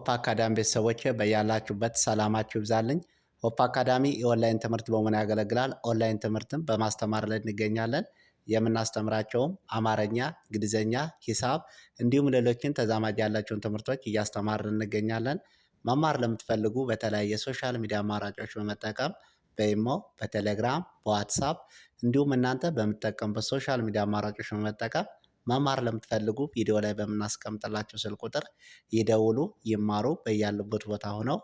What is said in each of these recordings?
የሆፕ አካዳሚ ቤተሰቦች በያላችሁበት ሰላማችሁ ይብዛልኝ። ሆፕ አካዳሚ የኦንላይን ትምህርት በመሆን ያገለግላል። ኦንላይን ትምህርትም በማስተማር ላይ እንገኛለን። የምናስተምራቸውም አማርኛ፣ እንግሊዝኛ፣ ሂሳብ እንዲሁም ሌሎችን ተዛማጅ ያላቸውን ትምህርቶች እያስተማርን እንገኛለን። መማር ለምትፈልጉ በተለያየ ሶሻል ሚዲያ አማራጮች በመጠቀም በኢሞ፣ በቴሌግራም፣ በዋትሳፕ እንዲሁም እናንተ በምትጠቀሙበት ሶሻል ሚዲያ አማራጮች በመጠቀም መማር ለምትፈልጉ ቪዲዮ ላይ በምናስቀምጥላቸው ስልክ ቁጥር ይደውሉ፣ ይማሩ በያሉበት ቦታ ሆነው።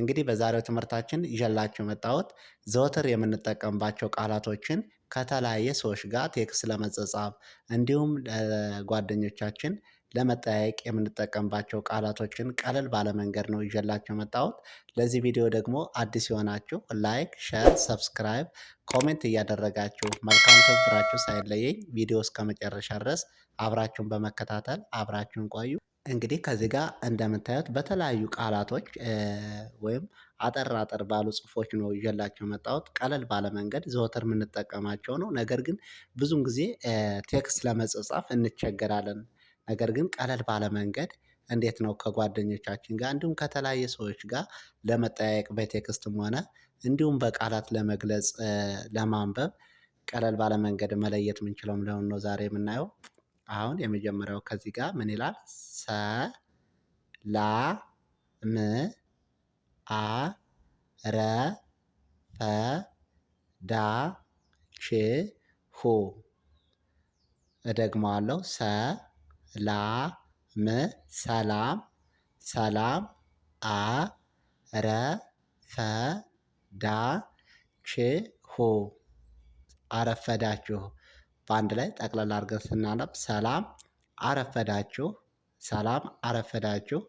እንግዲህ በዛሬው ትምህርታችን ይዤላችሁ የመጣሁት ዘወትር የምንጠቀምባቸው ቃላቶችን ከተለያየ ሰዎች ጋር ቴክስት ለመጻጻፍ እንዲሁም ጓደኞቻችን ለመጠያየቅ የምንጠቀምባቸው ቃላቶችን ቀለል ባለመንገድ ነው ይዤላችሁ መጣሁት። ለዚህ ቪዲዮ ደግሞ አዲስ የሆናችሁ ላይክ፣ ሸር፣ ሰብስክራይብ፣ ኮሜንት እያደረጋችሁ መልካም ትብብራችሁ ሳይለየኝ ቪዲዮ እስከ መጨረሻ ድረስ አብራችሁን በመከታተል አብራችሁን ቆዩ። እንግዲህ ከዚህ ጋር እንደምታዩት በተለያዩ ቃላቶች ወይም አጠር አጠር ባሉ ጽሁፎች ነው ይዤላቸው መጣሁት። ቀለል ባለ መንገድ ዘወትር የምንጠቀማቸው ነው። ነገር ግን ብዙን ጊዜ ቴክስት ለመጻጻፍ እንቸገራለን። ነገር ግን ቀለል ባለ መንገድ እንዴት ነው ከጓደኞቻችን ጋር እንዲሁም ከተለያየ ሰዎች ጋር ለመጠያየቅ በቴክስትም ሆነ እንዲሁም በቃላት ለመግለጽ ለማንበብ ቀለል ባለ መንገድ መለየት የምንችለው ለሆን ነው ዛሬ የምናየው። አሁን የመጀመሪያው ከዚህ ጋር ምን ይላል? ሰ ላ ም አ ረ ፈ ዳ ች ሁ እደግመዋለሁ ሰ ላም ሰላም ሰላም አረፈዳችሁ አረፈዳችሁ በአንድ ላይ ጠቅላላ አድርገን ስናነብ ሰላም አረፈዳችሁ ሰላም አረፈዳችሁ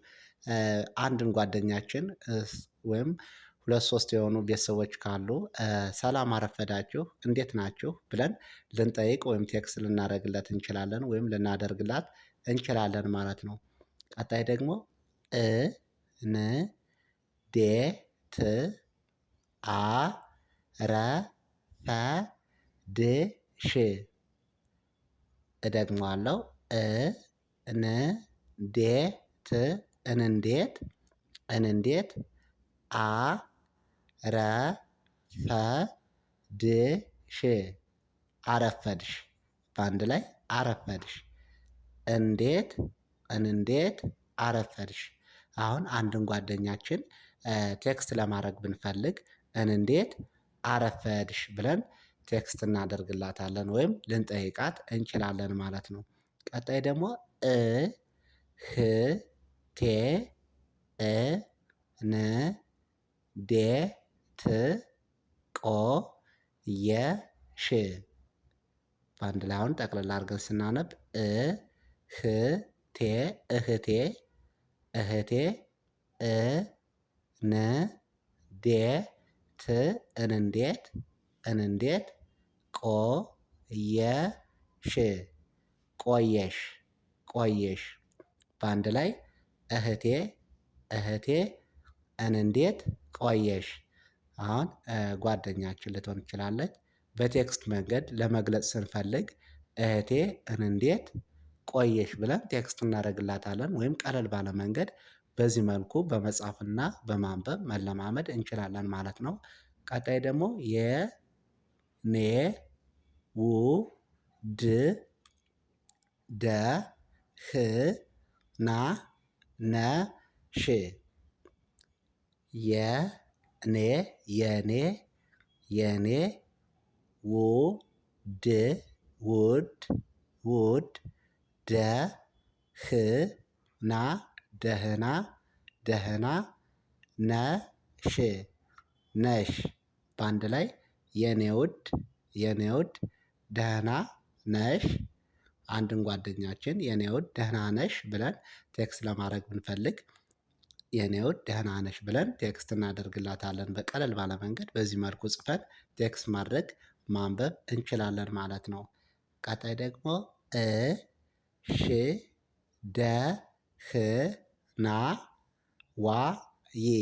አንድን ጓደኛችን ወይም ሁለት ሶስት የሆኑ ቤተሰቦች ካሉ ሰላም አረፈዳችሁ እንዴት ናችሁ ብለን ልንጠይቅ ወይም ቴክስት ልናደርግለት እንችላለን ወይም ልናደርግላት እንችላለን ማለት ነው። ቀጣይ ደግሞ እ ን ዴ ት አ ረ ፈ ድ ሽ አለው እ ን ዴ ት እንዴት እንንዴት አ ረ ፈ ድ ሽ አረፈድሽ በአንድ ላይ አረፈድሽ እንዴት እንዴት አረፈድሽ? አሁን አንድን ጓደኛችን ቴክስት ለማድረግ ብንፈልግ እንዴት አረፈድሽ ብለን ቴክስት እናደርግላታለን ወይም ልንጠይቃት እንችላለን ማለት ነው። ቀጣይ ደግሞ እ ህ ቴ እ ን ዴ ት ቆ የ ሽ በአንድ ላይ አሁን ጠቅልላ አድርገን ስናነብ እ ህቴ እህቴ እህቴ እ ን ዴ ት እንንዴት እንንዴት ቆ የ ሽ ቆየሽ ቆየሽ በአንድ ላይ እህቴ እህቴ እንንዴት ቆየሽ። አሁን ጓደኛችን ልትሆን ትችላለች። በቴክስት መንገድ ለመግለጽ ስንፈልግ እህቴ እንንዴት ቆየሽ ብለን ቴክስት እናደርግላታለን ወይም ቀለል ባለ መንገድ በዚህ መልኩ በመጻፍና በማንበብ መለማመድ እንችላለን ማለት ነው። ቀጣይ ደግሞ የኔ ው ድ ደ ህ ና ነ ሽ የኔ የኔ የኔ ውድ ውድ ውድ ደህና ደህና ደህና ነሽ ነሽ በአንድ ላይ የኔ ውድ የኔ ውድ ደህና ነሽ አንድን ጓደኛችን የኔ ውድ ደህና ነሽ ብለን ቴክስት ለማድረግ ብንፈልግ የኔ ውድ ደህና ነሽ ብለን ቴክስት እናደርግላታለን። በቀለል ባለ መንገድ በዚህ መልኩ ጽፈን ቴክስት ማድረግ ማንበብ እንችላለን ማለት ነው። ቀጣይ ደግሞ እ ሽ ደ ህ ና ዋ ይ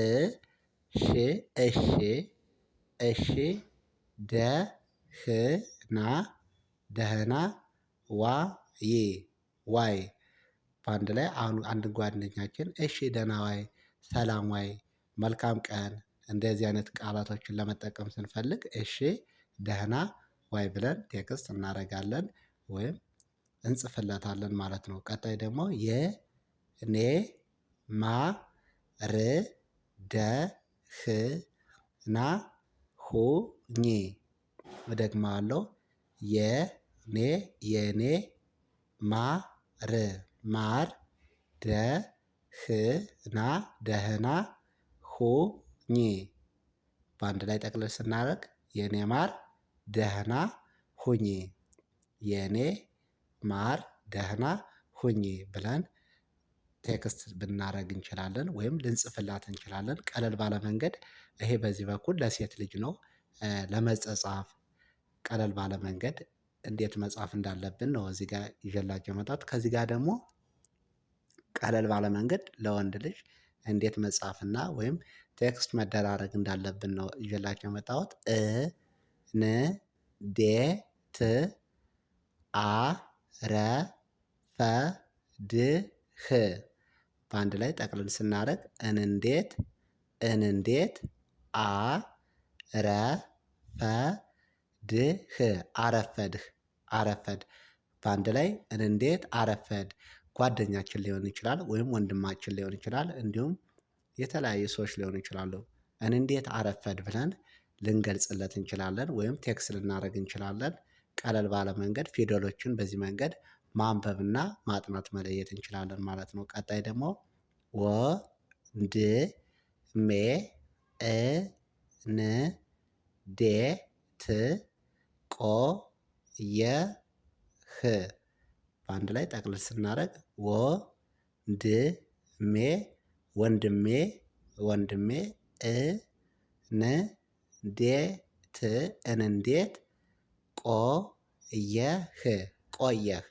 እ ሽ እሽ እሽ ደ ህ ና ደህና ዋ ይ ዋይ በአንድ ላይ አንድ ጓደኛችን እሺ ደህና ዋይ፣ ሰላም ዋይ፣ መልካም ቀን እንደዚህ አይነት ቃላቶችን ለመጠቀም ስንፈልግ እሺ ደህና ዋይ ብለን ቴክስት እናደርጋለን ወይም እንጽፍለታለን ማለት ነው። ቀጣይ ደግሞ የኔ ማ ር ደ ህ ና ሁ ኝ እደግመዋለሁ የኔ የኔ ማር ማር ደ ህ ና ደህና ሁ ኝ በአንድ ላይ ጠቅለል ስናደርግ የኔ ማር ደህና ሁኚ የኔ ማር ደህና ሁኚ ብለን ቴክስት ብናረግ እንችላለን ወይም ልንጽፍላት እንችላለን ቀለል ባለ መንገድ ይሄ በዚህ በኩል ለሴት ልጅ ነው። ለመጸጻፍ ቀለል ባለ መንገድ እንዴት መጻፍ እንዳለብን ነው እዚህ ጋር ይዤላችሁ የመጣሁት ከዚህ ጋር ደግሞ ቀለል ባለ መንገድ ለወንድ ልጅ እንዴት መጻፍና ወይም ቴክስት መደራረግ እንዳለብን ነው ይዤላችሁ እ እንዴት አረፈድህ? በአንድ ላይ ጠቅልል ስናደርግ እንዴት ድ አረፈድህ አረፈድህ አረፈድ በአንድ ላይ እንዴት አረፈድ ጓደኛችን ሊሆን ይችላል ወይም ወንድማችን ሊሆን ይችላል እንዲሁም የተለያዩ ሰዎች ሊሆኑ ይችላሉ እንዴት አረፈድ ብለን ልንገልጽለት እንችላለን ወይም ቴክስ ልናደረግ እንችላለን። ቀለል ባለ መንገድ ፊደሎችን በዚህ መንገድ ማንበብና ማጥናት መለየት እንችላለን ማለት ነው። ቀጣይ ደግሞ ወ ድ ሜ እ ን ዴ ት ቆ የ ህ በአንድ ላይ ጠቅልል ስናደርግ ወ ድ ሜ ወንድሜ ወንድሜ እ ን ዴት እንዴት ቆየህ ቆየህ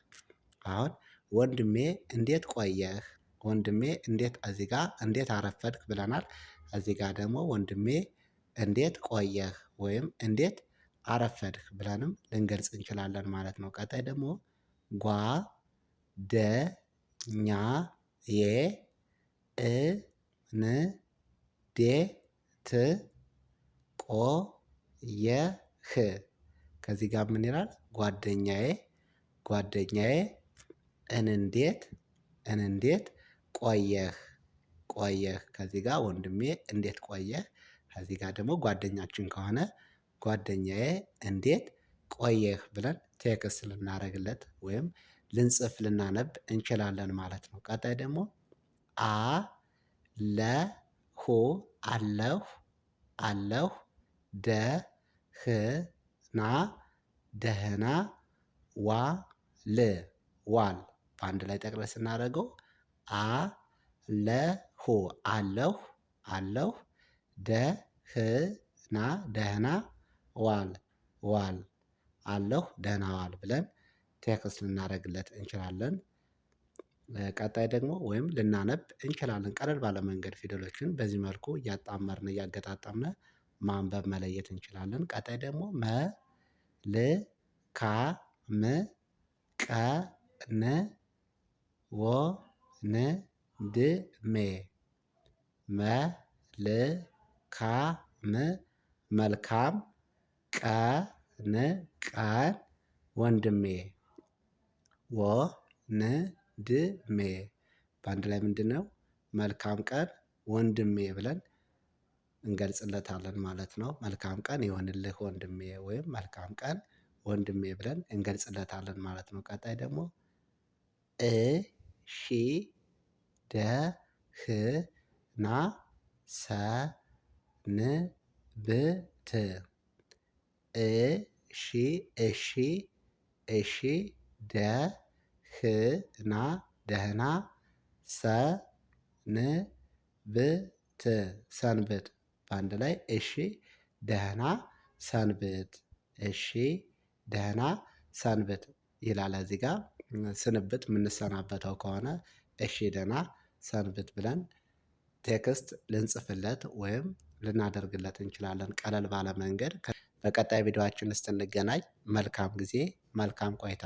አሁን ወንድሜ እንዴት ቆየህ ወንድሜ እንዴት እዚህ እንዴት አረፈድክ ብለናል እዚህ ጋ ደግሞ ወንድሜ እንዴት ቆየህ ወይም እንዴት አረፈድክ ብለንም ልንገልጽ እንችላለን ማለት ነው። ቀጣይ ደግሞ ጓ ደ ኛ የ እ ን ዴ ት ኦ የ ህ ከዚህ ጋር ምን ይላል? ጓደኛዬ ጓደኛዬ እንዴት እንንዴት ቆየህ ቆየህ። ከዚህ ጋር ወንድሜ እንዴት ቆየህ። ከዚህ ጋር ደግሞ ጓደኛችን ከሆነ ጓደኛዬ እንዴት ቆየህ ብለን ቴክስ ልናደርግለት ወይም ልንጽፍ ልናነብ እንችላለን ማለት ነው። ቀጣይ ደግሞ አ ለ ሁ አለሁ አለሁ ደህና ደህና ዋል ዋል በአንድ ላይ ጠቅለል ስናደርገው አለሁ አለሁ አለሁ ደህና ደህና ዋል ዋል አለሁ ደህና ዋል ብለን ቴክስት ልናደርግለት እንችላለን። ቀጣይ ደግሞ ወይም ልናነብ እንችላለን ቀለል ባለመንገድ ፊደሎችን በዚህ መልኩ እያጣመርን እያገጣጠምን ማንበብ መለየት እንችላለን። ቀጣይ ደግሞ መ ል ካ ም ቀ ን ወ ን ድ ሜ መ ል ካ ም መልካም ቀ ን ቀን ወንድሜ ወ ን ድ ሜ በአንድ ላይ ምንድነው? መልካም ቀን ወንድሜ ብለን እንገልጽለታለን ማለት ነው። መልካም ቀን የሆንልህ ወንድሜ ወይም መልካም ቀን ወንድሜ ብለን እንገልጽለታለን ማለት ነው። ቀጣይ ደግሞ እ ሺ ደ ህ ና ሰ ን ብ ት እ ሺ እሺ እሺ ደ ህ ና ደህና ሰ ን ብ ት ሰንብት በአንድ ላይ እሺ ደህና ሰንብት፣ እሺ ደህና ሰንብት ይላል። እዚህ ስንብት የምንሰናበተው ከሆነ እሺ ደህና ሰንብት ብለን ቴክስት ልንጽፍለት ወይም ልናደርግለት እንችላለን፣ ቀለል ባለ መንገድ። በቀጣይ ቪዲዮችን እስክንገናኝ መልካም ጊዜ፣ መልካም ቆይታ